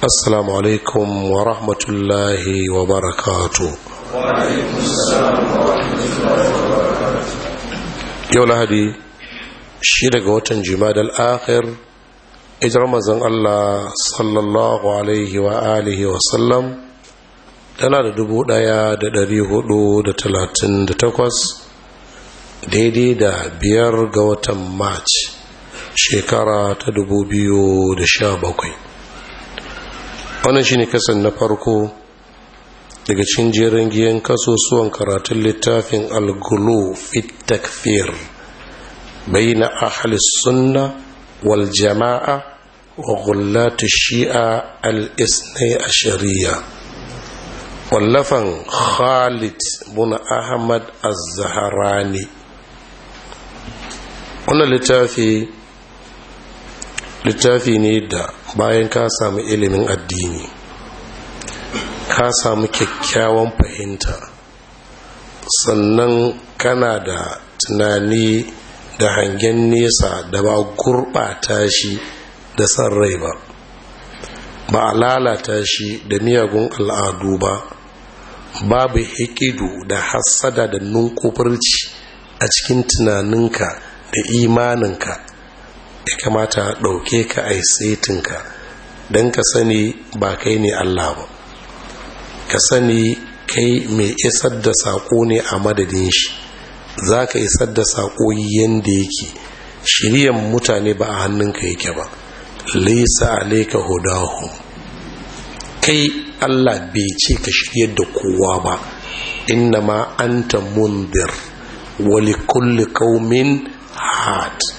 assalamu alaikum wa rahmatullahi wa barakatu yau lahadi shi daga watan jimadal akhir ijar mazan allah sallallahu alaihi wa alihi wa sallam tana da dubu daya da dari hudu da talatin da takwas daidai da biyar ga watan march shekara ta dubu biyu da sha bakwai wannan shine kasan na farko daga cikin jerin giyan kasusuwan karatun littafin al-gulu fi takfir baina ahli sunna wal jama'a wa ghullat shi'a al a Shari'a, wallafan Khalid bin Ahmad az ne. wannan littafi littafi ne da bayan ka samu ilimin addini ka samu kyakkyawan fahimta sannan kana da tunani da hangen nesa da ba gurɓata shi da san rai ba ba a lalata shi da miyagun al'adu ba babu hikidu da hassada da nunkufurci a cikin tunaninka da imaninka ya kamata ɗauke ka a setinka don ka sani ba kai ne Allah ba ka sani kai mai isar da saƙo ne a madadin shi za ka isar da saƙo yadda yake shiryan mutane ba a hannunka yake ba laisa alaika hudahu kai Allah bai ce ka shiryar da kowa ba innama anta mundir wali kulli qaumin hat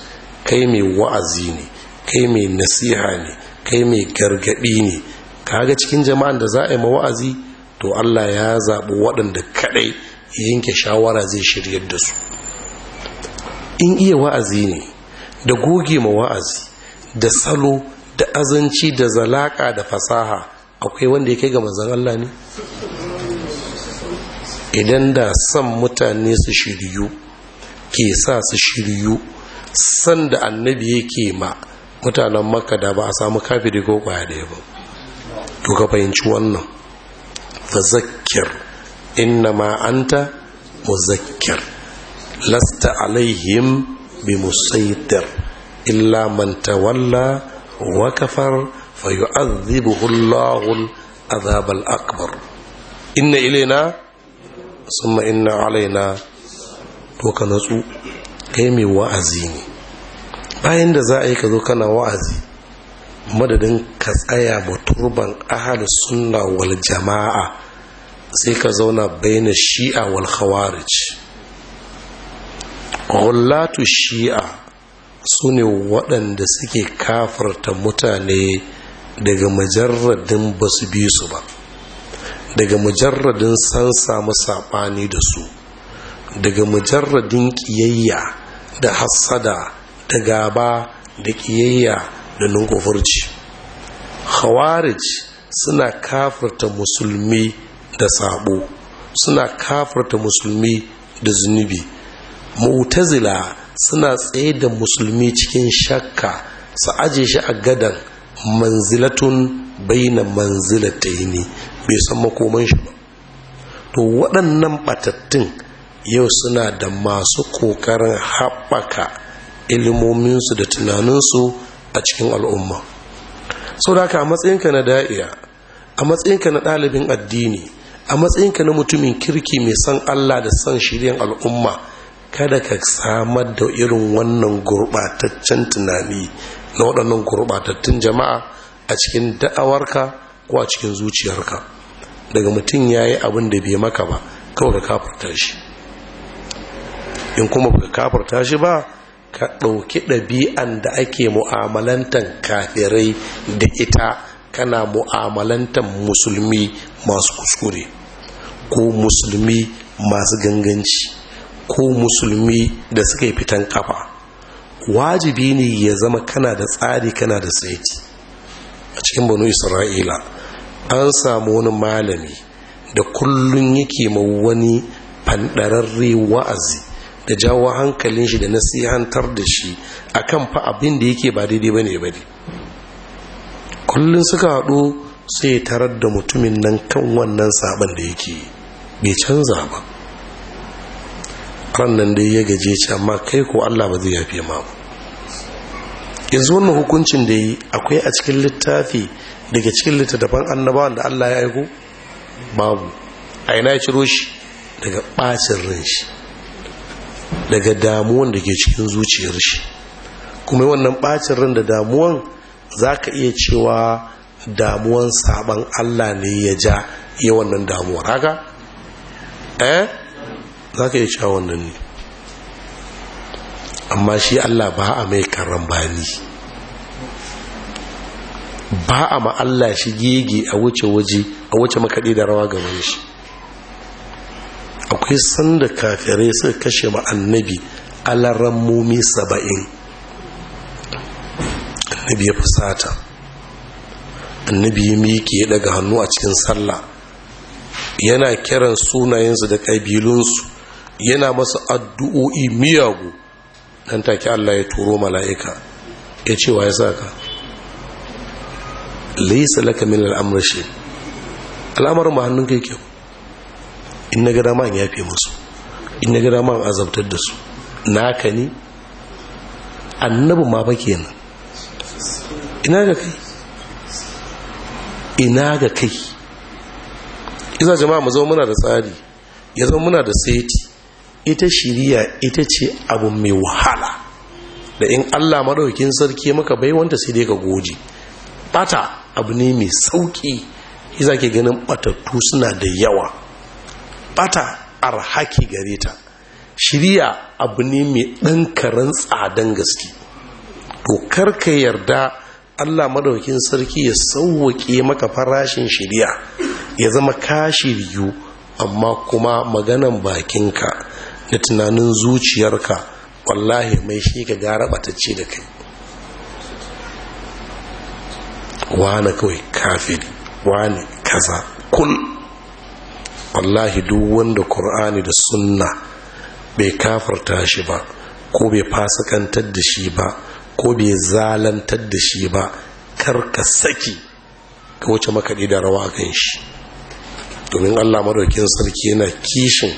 kai mai wa'azi ne kai mai nasiha ne kai mai gargaɗi ne kaga cikin jama'an da za a yi wa'azi to Allah ya zaɓi waɗanda kaɗai yanke shawara zai shiryar da su in iya wa'azi ne da goge ma wa'azi da salo da azanci da zalaƙa da fasaha akwai wanda ya kai ga manzan Allah ne idan da son mutane su shiryu ke sa su shiryu san da annabi yake ma mutanen makka da ba a samu kafiri ko kwaya daya ba to ka fahimci wannan fa zakkir inna ma anta muzakkir lasta alaihim bi musaitar illa man tawalla wa kafar fa yu'adhibuhu Allahu al akbar inna ilaina summa inna alaina to ka natsu kai mai wa'azi ne bayan da za a yi ka zo kana wa'azi madadin ka tsaya ba turban ahal sunna wal jama'a sai ka zauna baina shi'a wal khawarij ghullatu shi'a su ne waɗanda suke kafarta mutane daga majarradin ba su bi su ba daga mujarradin san samu saɓani da su daga mujarradin ƙiyayya da hassada da gaba da ƙiyayya da nunkufurci khawarij suna kafarta musulmi da sabo suna kafarta musulmi da zunubi mu'tazila suna tsaye da musulmi cikin shakka su aje shi a gadan manzilatun baina manzilatai ne bai san makoman shi ba to waɗannan batattun yau suna da masu kokarin haɓaka ilmominsu da tunaninsu a cikin al'umma sau da haka a matsayinka na da'iya a matsayinka na ɗalibin addini a matsayinka na mutumin kirki mai san allah da san shirin al'umma kada ka samar da irin wannan gurɓataccen tunani na waɗannan gurɓatattun jama'a a cikin da'awarka ko a cikin zuciyarka daga mutum ya yi abin da bai maka ba kawai ka kafin shi in kuma baka kafarta shi ba ka ɗauki ɗabi'an da ake mu'amalantan kafirai da ita kana mu'amalantan musulmi masu kuskure ko musulmi masu ganganci ko musulmi da suka yi fitan kafa wajibi ne ya zama kana da tsari kana da saiti a cikin banu isra'ila an samu wani malami da kullum yake ma wani fanɗararre wa'azi da jawo hankalin shi da nasihantar da shi akan fa abin da yake ba daidai ba ne ba ne kullum suka haɗu sai tarar da mutumin nan kan wannan saban da yake bai canza ba ran nan dai ya gaje ce amma kai ko Allah ba zai yafe ma ba yanzu wannan hukuncin da yi akwai a cikin littafi daga cikin littattafan annabawan da Allah ya aiko babu a ina ya ciro shi daga ɓacin ran shi daga damuwan da ke cikin zuciyar shi kuma wannan bacin ran da damuwan za ka iya cewa damuwan saban Allah ne ya ja yi wannan damuwar haka? eh za ka iya cewa wannan ne amma shi Allah ba a mai karan bani ba a ma Allah shi gege a wuce waje a wuce makaɗi da rawa gaban shi akwai sanda kafirai suka kashe ma annabi mumi saba'in annabi ya fusata annabi ya miƙe ya daga hannu a cikin sallah yana kiran sunayensu da ƙabilunsu yana masa addu'o'i miyagu dan take Allah ya turo mala'ika ya ce wa ya saka laisa laka min al'amr al'amarin ma hannunka in na gada man yafe musu in na gada man azabtar da su naka ne annabi ma fa kenan ina ga kai ina ga kai iza jama'a mu zama muna da tsari ya zama muna da saiti ita shiriya ita ce abu mai wahala da in Allah maɗaukin sarki maka bai wanta sai dai ka goje bata abu ne mai sauki iza ke ganin batattu suna da yawa bata arhaki gare ta shirya abu ne mai ɗan karen tsadan gaske to karka yarda allah madaukin sarki ya sauwaƙe maka farashin shirya ya zama ka shiryu amma kuma maganan bakinka da tunanin zuciyarka wallahi mai shi ka gara batacce da kai wane kawai kafiri wane kaza kun? wallahi duk wanda qur'ani da sunna bai kafarta shi ba ko bai fasikantar da shi ba ko bai zalantar da shi ba kar ka saki ka wuce makaɗi da rawa kan shi domin allah madaukin sarki yana kishin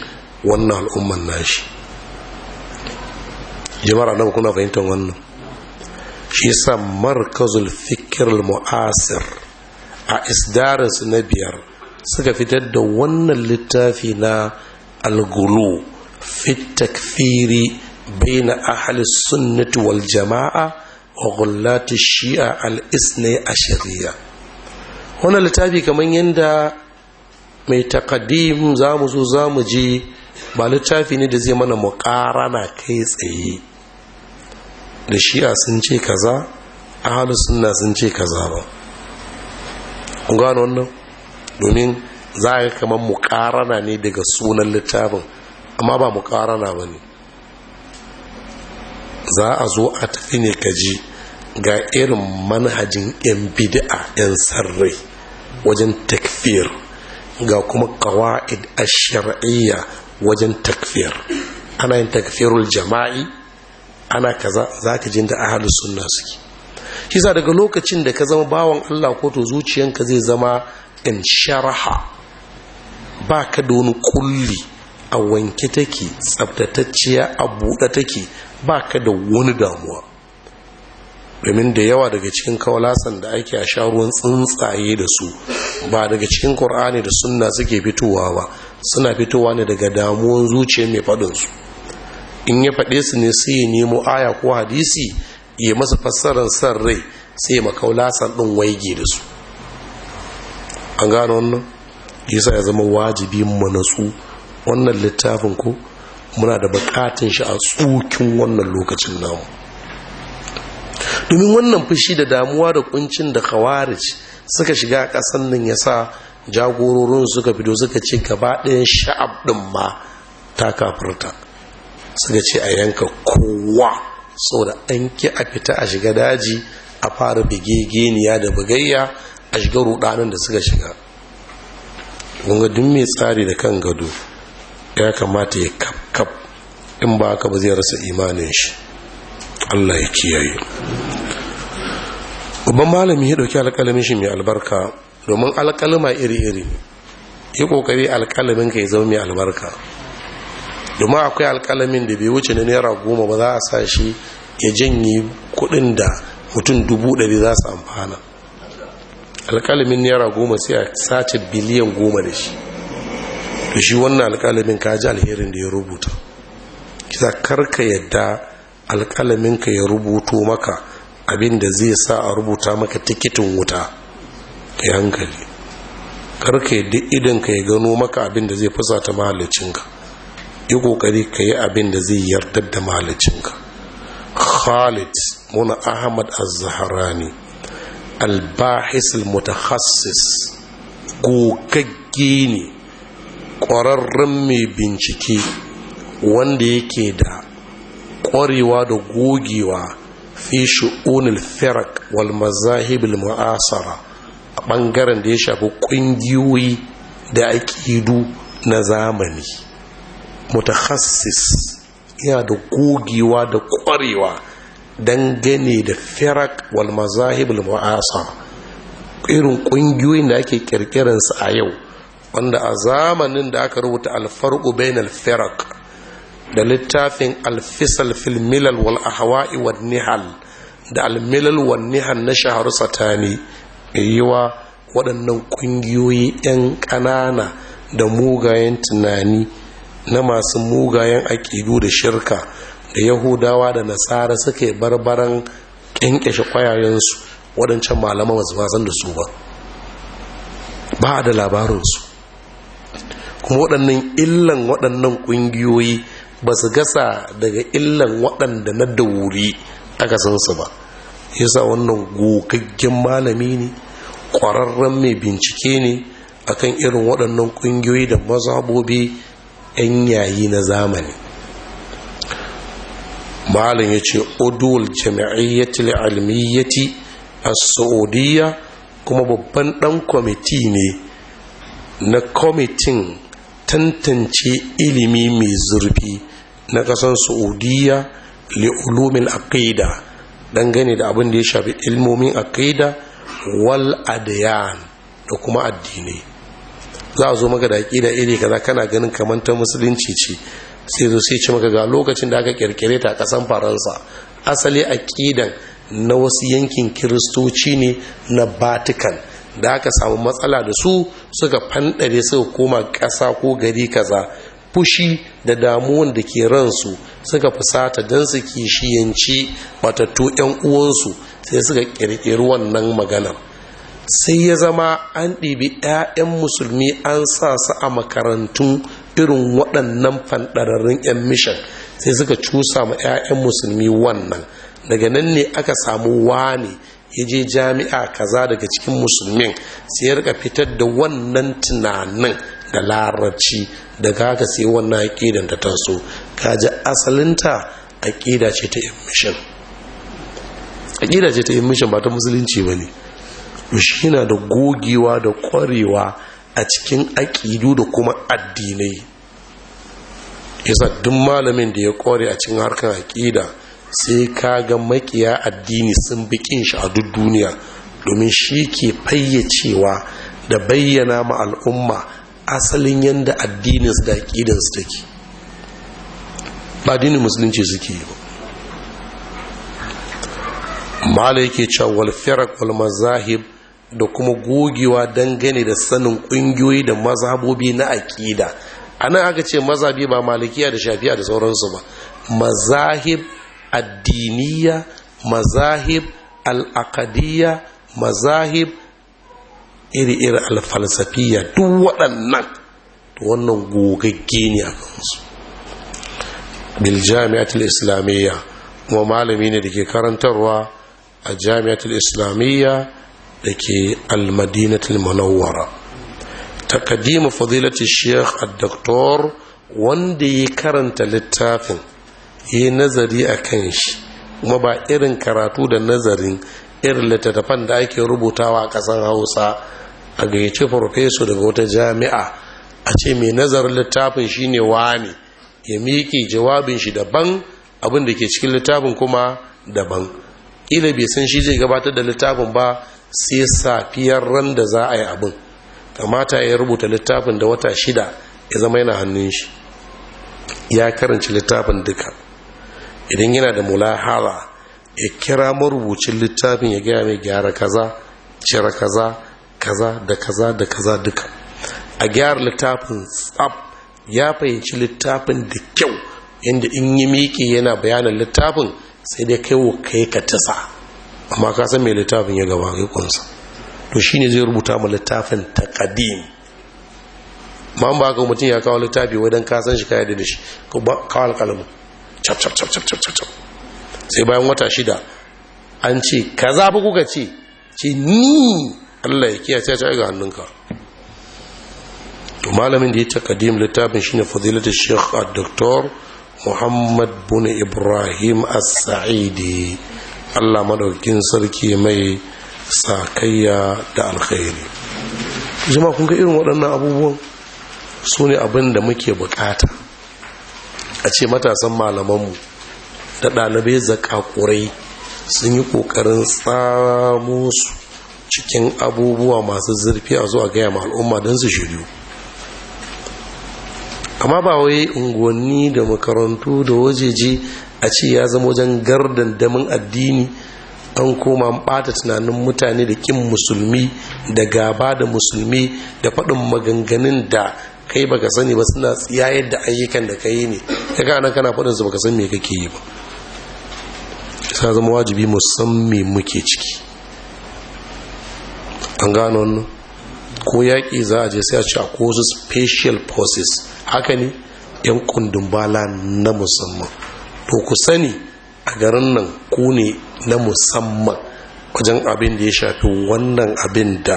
wannan al'umman nashi jama'ar nan kuna fahimtar wannan shi sa markazul fikir mu'asir a isdarinsu na biyar suka fitar da wannan littafi na algulu fit takfiri baina ahli sunnati wal jama'a wa ghullati shi'a al isnai ashariya wannan littafi kamar yadda mai takadim zamu zo zamu ji ba littafi ne da zai mana na kai tsaye da shi'a sun ce kaza ahalus sunna sun ce kaza ba gano wannan domin za a kamar mukarana ne daga sunan littafin amma ba mukarana ba ne za a zo a tafi ne kaji ga irin manhajin 'yan bid'a 'yan sarrai wajen takfir ga kuma kawa'id a shar'iyya wajen takfir ana yin takfirul jama'i ana kaza za ka jin da ahalus sunna suke kisa daga lokacin da ka zama bawan Allah ko to zuciyanka zai zama in sharaha ba ka da wani kulli a wanke take tsabtatacciya a buɗe take ba ka da wani damuwa domin da yawa daga cikin kawalasan da ake a sha ruwan tsuntsaye da su ba daga cikin ƙur'ani da suna suke fitowa ba suna fitowa ne daga damuwan zuciya mai faɗinsu in ya faɗe su ne sai ya nemo aya ko hadisi ya masa fassarar san rai sai ya makaulasan ɗin waige da su an gano wannan yasa ya zama wajibi mu natsu wannan littafin ko muna da bukatun shi a tsukin wannan lokacin namu domin wannan fushi da damuwa da kuncin da khawarij suka shiga a ƙasan nan yasa jagororin suka fito suka ce gaba ɗayan sha'ab ɗin ma ta kafirta suka ce a yanka kowa saboda an ki a fita a shiga daji a fara bigegeniya da bugayya a shiga rudanin da suka shiga gunga duk mai tsari da kan gado ya kamata ya kap-kap in ba haka ba zai rasa imanin shi allah ya kiyaye babban malami ya dauki alkalamin shi mai albarka domin alkalama iri-iri yi kokari alkalamin ka ya zama mai albarka domin akwai alkalamin da bai wuce na naira goma ba za a sa shi ya janye kudin da mutum dubu ɗari za su amfana alƙalamin naira goma sai a sace biliyan goma da shi Da shi wannan alƙalamin ka ji alherin da ya rubuta kisa karka yadda ka ya rubuto maka abin da zai sa a rubuta maka tikitin wuta ka yi hankali karka yadda ka ya gano maka abin da zai fusata mahallacinka yi kokari ka yi abin da zai yardar da mahallacinka khalid muna ahmad az zahrani albahisul mutakhassis gogagge ne ƙwararren mai bincike wanda yake da ƙwarewa da gogewa fi shu'unil firak wal mazahibil mu'asara a ɓangaren da ya shafi ƙungiyoyi da aƙidu na zamani mutakhassis yana da gogewa da ƙwarewa dangane da firak wal al mu'asa irin ƙungiyoyin da ake su a yau wanda a zamanin da aka rubuta alfarqu bainal firak da littafin alfisal fil milal wal ahwa'i wal nihal da almilal wal nihal na shahar satani yiwa waɗannan ƙungiyoyi 'yan ƙanana da mugayen tunani na masu mugayen aƙidu da shirka da yahudawa da nasara suke barbaran kyankyashe kwayayensu waɗancan malaman wasu ba da su ba ba da labarinsu kuma waɗannan illan waɗannan ƙungiyoyi ba su gasa daga illan waɗanda na da wuri aka san su ba yasa wannan gogaggen malami ne ƙwararren mai bincike ne akan irin waɗannan ƙungiyoyi da mazhabobi 'yan yayi na zamani malam ya ce udul jami'ayyatil almiyyati a saudiya kuma babban dan kwamiti ne na kwamitin tantance ilimi mai zurfi na ƙasar saudiya li'ulumin aqida dangane da abin da ya shafi ilmomin aqida wal adiyan da kuma addini za a zo maka da iri kaza kana ganin kamar ta musulunci ce sai zo sai ci maka ga lokacin da aka kirkire ta a kasan faransa asali aqidan na wasu yankin kiristoci ne na vatican da aka samu matsala da su suka fanɗare suka koma ƙasa ko gari kaza fushi da damuwan da ke ransu suka fusata don su kishiyanci matattu 'yan uwansu sai suka ƙirƙiri wannan maganar sai ya zama an ɗibi 'ya'yan musulmi an sa su a makarantun irin waɗannan fanɗararrun 'yan mishan sai suka cusa ma 'ya'yan musulmi wannan daga nan ne aka samu wani ya je jami'a kaza daga cikin musulmin sai ya rika fitar da wannan tunanin da larabci daga haka sai wannan aƙidan ta taso kaji asalinta aƙida ce ta yin aƙida ce ta yin mishan ba ta musulunci ba ne shi na da gogewa da ƙwarewa a cikin aƙidu da kuma addinai yasa duk malamin da ya kore a cikin harkar aƙida sai ka ga makiya addini sun biƙin shi a duk duniya domin shi ke fayyacewa da bayyana ma al'umma asalin yadda addinin su da aƙidan su take ba addinin musulunci suke yi ba mala yake cewa wal walmazahib da kuma gogewa dangane da sanin ƙungiyoyi da mazhabobi na aƙida a nan aka ce mazabi ba malikiya da shafiya da sauransu ba mazahib addiniya mazahib al'akadiyya mazahib iri-iri alfalsafiya duk waɗannan wannan gogagge ne a kansu bil jami'atul islamiyya kuma malami ne da ke karantarwa a jami'atul islamiyya da ke almadinatul munawwara takadimu fadilati sheikh al daktor wanda ya karanta littafin ya nazari a kan shi kuma ba irin karatu da nazarin irin littattafan da ake rubutawa a ƙasar hausa a gayyace farfeso daga wata jami'a a ce mai nazarin littafin shi shine wani ya miƙe jawabin shi daban abin da ke cikin littafin kuma daban ila bai san shi zai gabatar da littafin ba sai safiyar ran da za a yi abin kamata ya rubuta littafin da wata shida ya zama yana hannun shi ya karanci littafin duka idan yana da mulahara ya kira marubucin littafin ya gaya mai gyara kaza cire kaza kaza da kaza da kaza duka a gyara littafin tsab ya fahimci littafin da kyau inda in yi miki yana bayanin littafin sai dai kai wa kai ka tasa amma ka san mai littafin ya gaba ya kunsa to shine zai rubuta ma littafin taqdim ma ba ga mutum ya kawo littafi wadan ka san shi ka da shi ko ba kawo chap chap chap chap chap chap sai bayan wata shida an ce kaza ba kuka ce ce ni Allah ya kiyace ta ga hannunka to malamin da ya takadim littafin shine fadilatul sheikh ad-doktor Muhammad bin Ibrahim As-Sa'idi Allah madaukin sarki mai sakayya da alkhairi jima kun ga irin waɗannan abubuwan su ne abin da muke bukata a ce matasan malamanmu da ɗalibai zakakurai sun yi ƙoƙarin tsamo su cikin abubuwa masu zurfi a zuwa gaya ma al'umma don su shiryu amma ba wai unguwanni da makarantu da wajeji a ce ya zama wajen gardan damin addini an koma bata tunanin mutane da kin musulmi da gaba da musulmi da faɗin maganganun da kai baka sani ba suna tsiyayar da ayyukan da kai ne ka gana kana faɗin su baka san me kake yi ba sa zama wajibi mu san me muke ciki an gano wannan ko yaƙi za a je sai a ci a ko special forces haka ne yan kundin bala na musamman to ku sani a garin nan ku ne na musamman wajen abin da ya shafi wannan abin da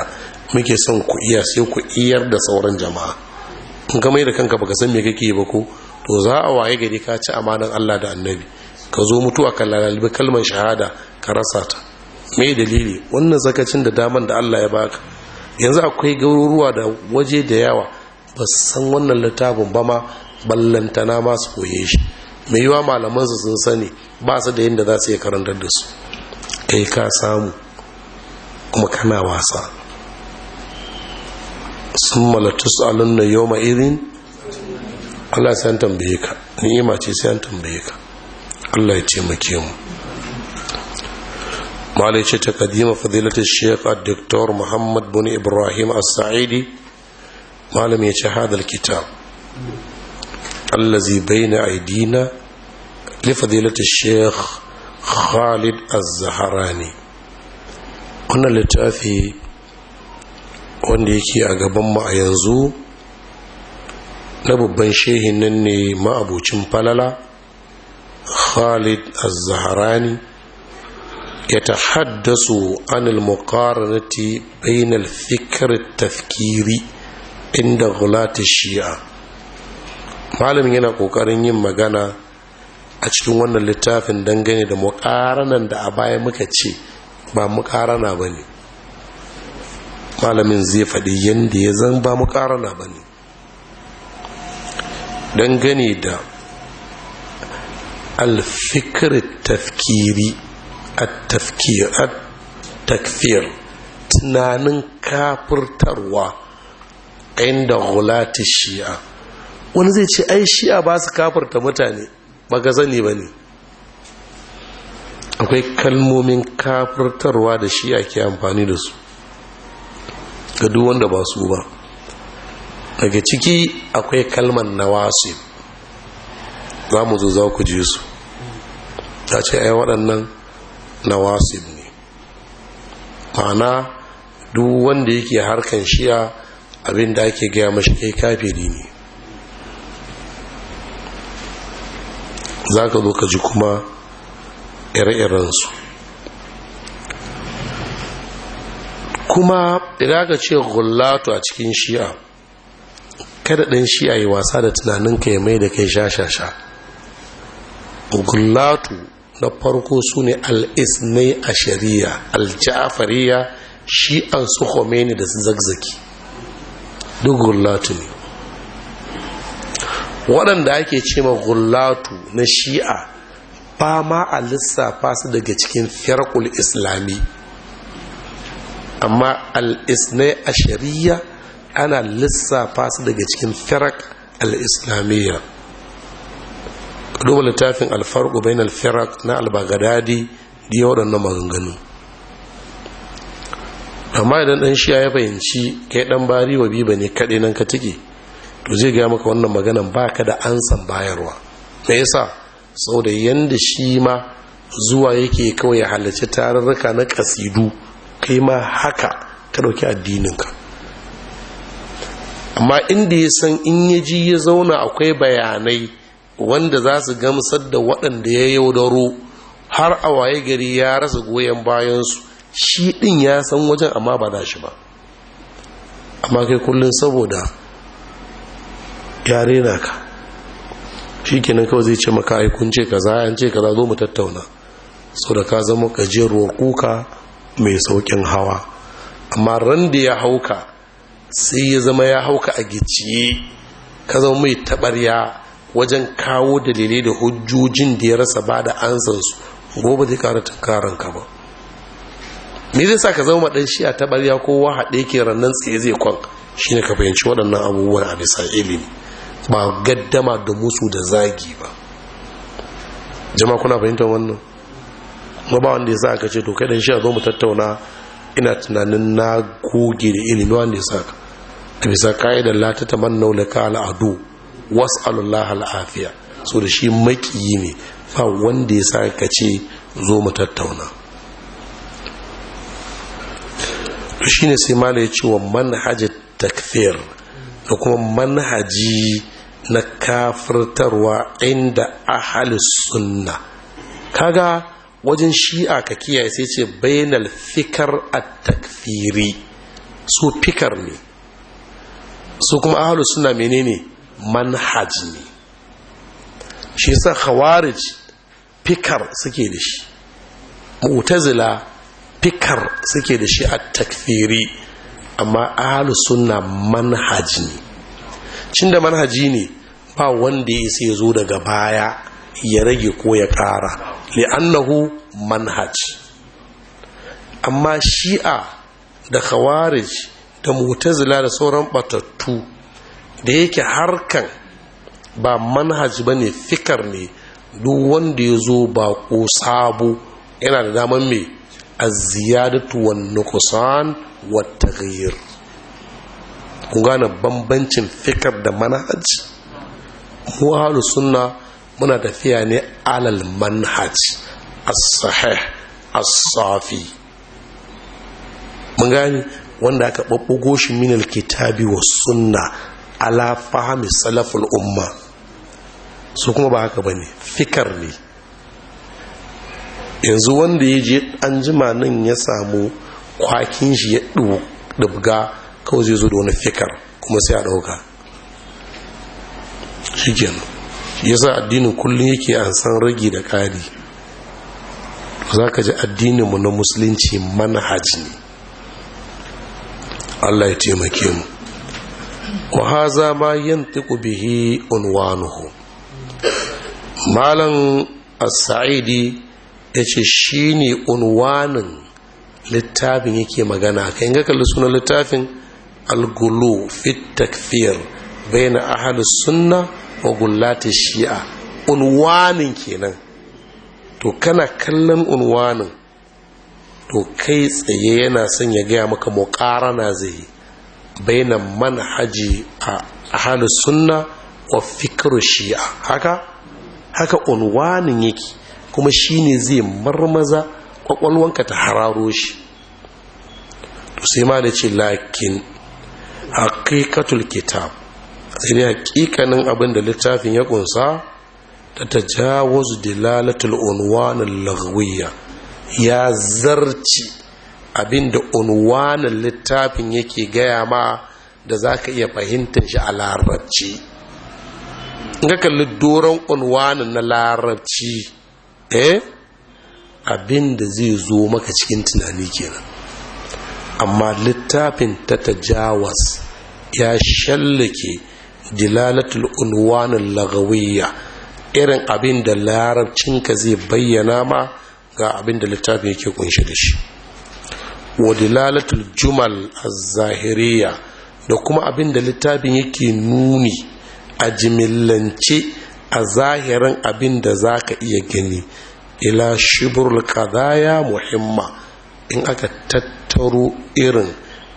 muke son ku iya sai ku iyar da sauran jama'a in ka mai da kanka baka san me kake ba ko to za a waye gari ka ci amanan Allah da annabi ka zo mutuwa ka lalabi kalmar shahada ka rasa ta me dalili wannan zakacin da daman da Allah ya baka yanzu akwai garuruwa da waje da yawa ba san wannan littafin ba ma ballantana ma su koye shi mai yiwa malamansu sun sani ba su da yadda za su iya karantar da su kai ka samu kuma kana wasa sun malatus na yau irin. allah sai an tambaye ka ni'ima ce sai an tambaye ka allah ya taimake mu malai ta kadima fadilatar sheik addiktor muhammad buni ibrahim as-sa'idi malam ya ce hadal kitab allazi baina aidina li fadilati sheikh khalid az-zaharani wannan littafi wanda yake a gaban mu a yanzu na babban shehin nan ne ma'abucin falala khalid az-zaharani يتحدث عن المقارنة بين الفكر tafkiri inda غلاة shi'a malamin yana kokarin yin magana a cikin wannan littafin dangane da mukaranan da a baya muka ce ba mukarana ba ne malamin zai faɗi yadda ya zan ba mukarana ba ne dangane da alfikir tafkiri a tafkir a takfir tunanin kafirtarwa inda gulati shi'a wani zai ce ai shi'a ba su kafarta mutane ba ga zani ba ne akwai kalmomin kafartarwa da shi'a ke amfani da su ga duk wanda ba su ba daga ciki akwai kalmar wasu za mu zo za ku je su ta ce ai waɗannan wasu ne ma'ana duk wanda yake harkan shi'a abinda ake gaya mashi kai kafiri ne za ka zo ka ji kuma ire-irensu kuma idan ka ce gullatu a cikin shi'a kada ɗan shi'a yi wasa da tunaninka ya mai da kai sha-sha-sha gullatu na farko su ne al'isnai a shari'a al shi'an su da su zagzaki duk gullatu ne waɗanda ake ce ma gullatu na shi'a ba ma a lissafa su daga cikin firkul islami amma al'isnai a shari'a ana lissafa su daga cikin firak al'islamiyya duba littafin alfarko bayan alfirak na albagadadi da ya waɗannan maganganu amma idan ɗan Shi'a ya fahimci kai ɗan bari wa biba ne kaɗai nan ka tike to zai gaya maka wannan maganan baka da ansan bayarwa me yasa sau da yanda shi ma zuwa yake kawai ya halarci tarurruka na kasidu kai ma haka ka ɗauki addininka amma inda ya san in ya ji ya zauna akwai bayanai wanda za su gamsar da waɗanda ya yaudaro har a waye gari ya rasa goyon bayansu shi ɗin ya san wajen amma ba da shi ba amma kai kullum saboda yare na ka shi kenan kawai zai ce maka aikun kun ce kaza an ce kaza zo mu tattauna sau da ka zama gajeruwar kuka mai saukin hawa amma ran da ya hauka sai ya zama ya hauka a gicciye ka zama mai taɓarya wajen kawo dalilai da hujjojin da ya rasa ba da ansansu gobe zai kara tunkarar ka ba me zai sa ka zama ɗan shi a taɓarya ko haɗe ke rannan tsaye zai kwan shine ka fahimci waɗannan abubuwan a bisa ilimi ba gaddama da musu da zagi ba jama'a kuna fahimtar wannan ma ba wanda ya sa aka ce to kai dan shi a zo mu tattauna ina tunanin na goge da ilimi wanda ya sa ka a bisa ka'idar lati ta wula ka al'adu was'alullah al'afiya so da shi makiyi ne ba wanda ya sa ka ce zo mu tattauna shi ne sai mala ya ce wa manhajar takfir da kuma manhaji na kafirtarwa inda ahalus sunna kaga wajen shi'a ka kiyaye sai ce bainal fikar a takfiri su fikar ne su kuma ahalus sunna menene manhaj ne shi sa khawarij fikar suke da shi mu'tazila fikar suke da shi a takfiri amma ahalus sunna manhaj ne cin da manhaji ne ba wanda ya sai zo daga baya ya rage ko ya ƙara li'annahu manhaj amma shi'a da khawarij da mutazila da sauran batattu da yake harkan ba manhaj ba ne fikar ne duk wanda ya zo ba ko sabo yana da daman mai a ziyadatu wa nukusan wa taghyir ku gane bambancin fikar da manhaj mu halu sunna muna tafiya ne alal manhaj as-sahih as-safi mun gane wanda aka babbugo shi min al-kitabi was sunna ala fahmi salaful umma su kuma ba haka bane fikar ne yanzu wanda ya je an jima nan ya samu kwakin shi ya dubga kawai zai zo da wani fikar kuma sai a ɗauka shi ya sa addinin kullum yake an san ragi da ƙari za ka ji addininmu na musulunci manhaji ne allah ya taimake mu wa haza ma yantiqu bihi unwanuhu malam ya ce shi ne unwanin littafin yake magana kai yi kalli sunan littafin algulu fit takfir bayna ahlus sunna wa gullati shi'a unwanin kenan to kana kallon unwanin to kai tsaye yana son ya gaya maka muqarana zai baina manhaji a ahlus sunna wa fikru shi'a haka haka unwanin yake kuma shine zai marmaza kwakwalwanka ta hararo shi to sai ma da ce lakin haqiqatul kitab sai dai abinda abin da littafin ya ƙunsa, ta tajawuz dilalatul unwan al-laghwiyya ya zarci abin da unwanin littafin yake gaya ma da zaka iya fahimtar shi a larabci in ka kalli doron unwanin na larabci eh abin da zai zo maka cikin tunani kenan amma littafin ta tajawas ya shallake dilalatul unwanin lagawiyya irin abin da larabcinka zai bayyana ma ga abin da littafin yake kunshi da shi wa dilalatul jumal az-zahiriyya da kuma abin da littafin yake nuni a jimillance a zahirin abin da za ka iya gani ila shibrul qadaya muhimma in aka tattaro irin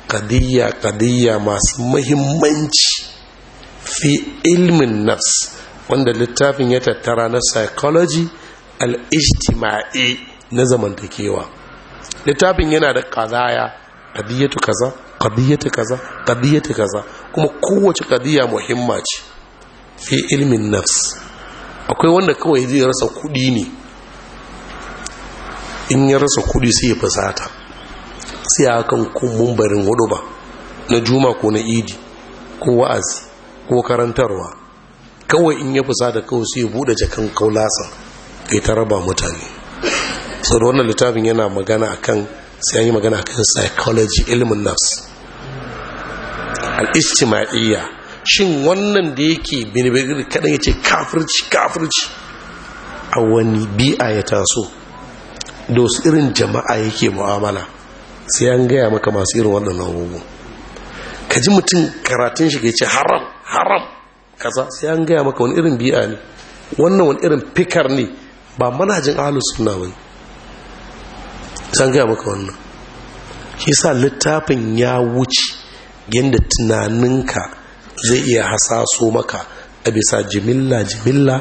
kadiyya kadiyya masu muhimmanci fi ilmin nafs wanda littafin ya tattara na psychology al-ijtima'i na zamantakewa littafin yana da kazaya kadiyyatu kaza kadiyyatu kaza kadiyyatu kaza kuma kowace kadiyya muhimma ce fi ilmin nafs akwai wanda kawai zai rasa kudi ne in ya rasa kudi sai ya fusata sai kumbun barin hudu ba na juma ko na idi ko wa'azi ko karantarwa kawai in ya fusa da kawai sai bude jakan kaulasa ya ta raba mutane sau da wannan littafin yana magana akan sai yi magana akan psychology ilimin nafs al'ishtima'iyya shin wannan da yake binibir kadan ya ce kafirci kafirci a wani bi'a ya taso da wasu irin jama'a yake mu'amala sai an gaya maka masu irin waɗannan abubuwan ka ji mutum karatun shi ke ce haram haram kaza sai an gaya maka wani irin bi'a ne wannan wani irin fikar ne ba manajin ahalus suna ba sai an gaya maka wannan shi sa littafin ya wuce yadda tunaninka zai iya hasaso maka a bisa jimilla jimilla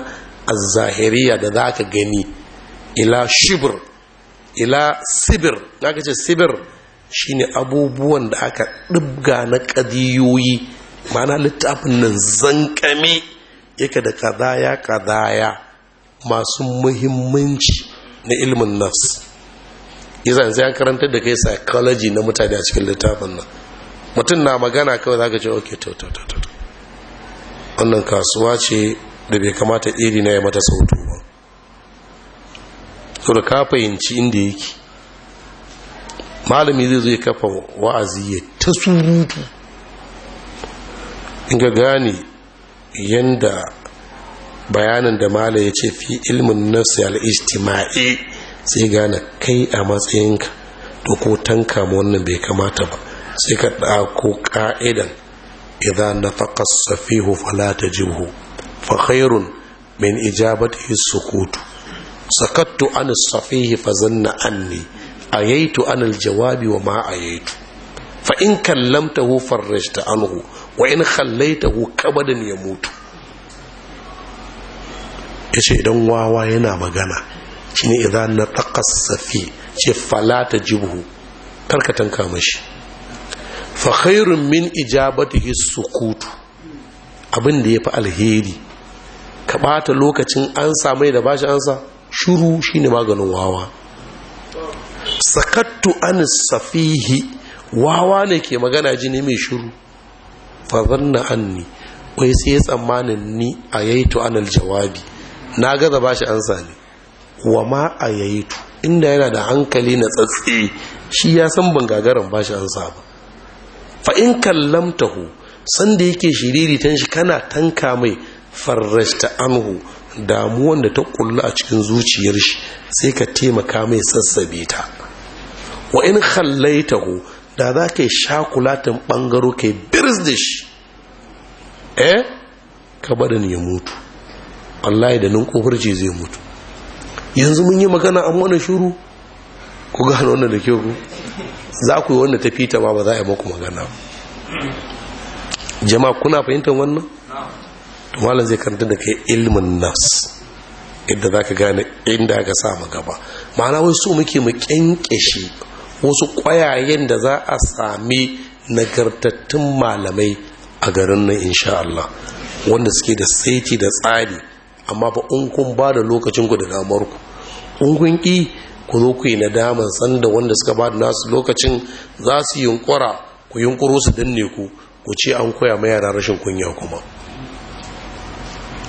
a zahiriya da za ka gani ila shibir ila sibir na ce sibir shine abubuwan da aka ɗibga na ƙadiyoyi ma'ana littafin nan zankame yake da kadaya kadaya masu muhimmanci na ilmin nas yanzu yanzu an karantar da kai psychology na mutane a cikin littafin nan mutum na magana kawai za ka ce ok to to to to wannan kasuwa ce da bai kamata iri na ya mata sautu ba so da ka fahimci inda yake malami zai zo ya kafa wa'azi ya ta surutu Inga gane yanda bayanin da mala ya ce fi ilmin nasu al'ijtima'i sai gane kai a matsayinka to ko tanka wannan bai kamata ba sai ka ɗako ƙa'idan idan na faƙas safihu falata jihu fa khairun min ijabatihi sukutu sakattu an safihi fa zanna anni ayaitu anal jawabi wa ma ayaitu fa in kallamtahu farrajta anhu wa in khallaitahu kabadan ya mutu yace idan wawa yana magana shine idan na fi ce falata jibhu karka tanka mashi fa khairun min ijabatihi sukutu abin da yafi alheri ka bata lokacin an samai da bashi ansa shuru shine maganin wawa sakattu an safihi wawa ne ke magana jini mai shiru fazanna anni wai sai ya tsammanin ni a yaitu an aljawabi na gaza ba shi ansa ne wa ma a yaitu inda yana da hankali na tsatsi shi ya san ban gagarin ba shi ansa ba fa in kallamtahu sanda yake tan shi kana tanka mai farrashta anhu damuwan da ta kulla a cikin zuciyar shi sai ka taimaka mai sassabe ta wa in khallaitahu da za ka yi shakulatin ɓangaro ka yi shi eh ka barin ya mutu wallahi da nan ce zai mutu yanzu mun yi magana an wani shuru ku gano wannan da kyau za ku yi wanda ta fita ba ba za a yi maku magana jama'a kuna fahimtar wannan malam zai karanta da kai ilmin nas yadda za ka gane inda ka sa gaba ma'ana wai so muke mu kyankyashe wasu ƙwayayen da za a sami nagartattun malamai a garin nan insha Allah wanda suke da saiti da tsari amma ba kun ba da lokacinku da damarku ku, kun ƙi ku zo ku yi nadaman sanda wanda suka ba da nasu lokacin za su yunkura ku yunkuro su danne ku ku ce an koya ma yara rashin kunya kuma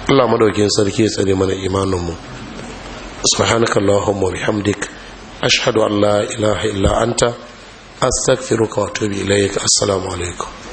Allah madaukin sarki ya tsare mana imaninmu subhanakallahumma wa bihamdika ashhadu an la ilaha illa anta astaghfiruka wa atubu ilaik assalamu alaikum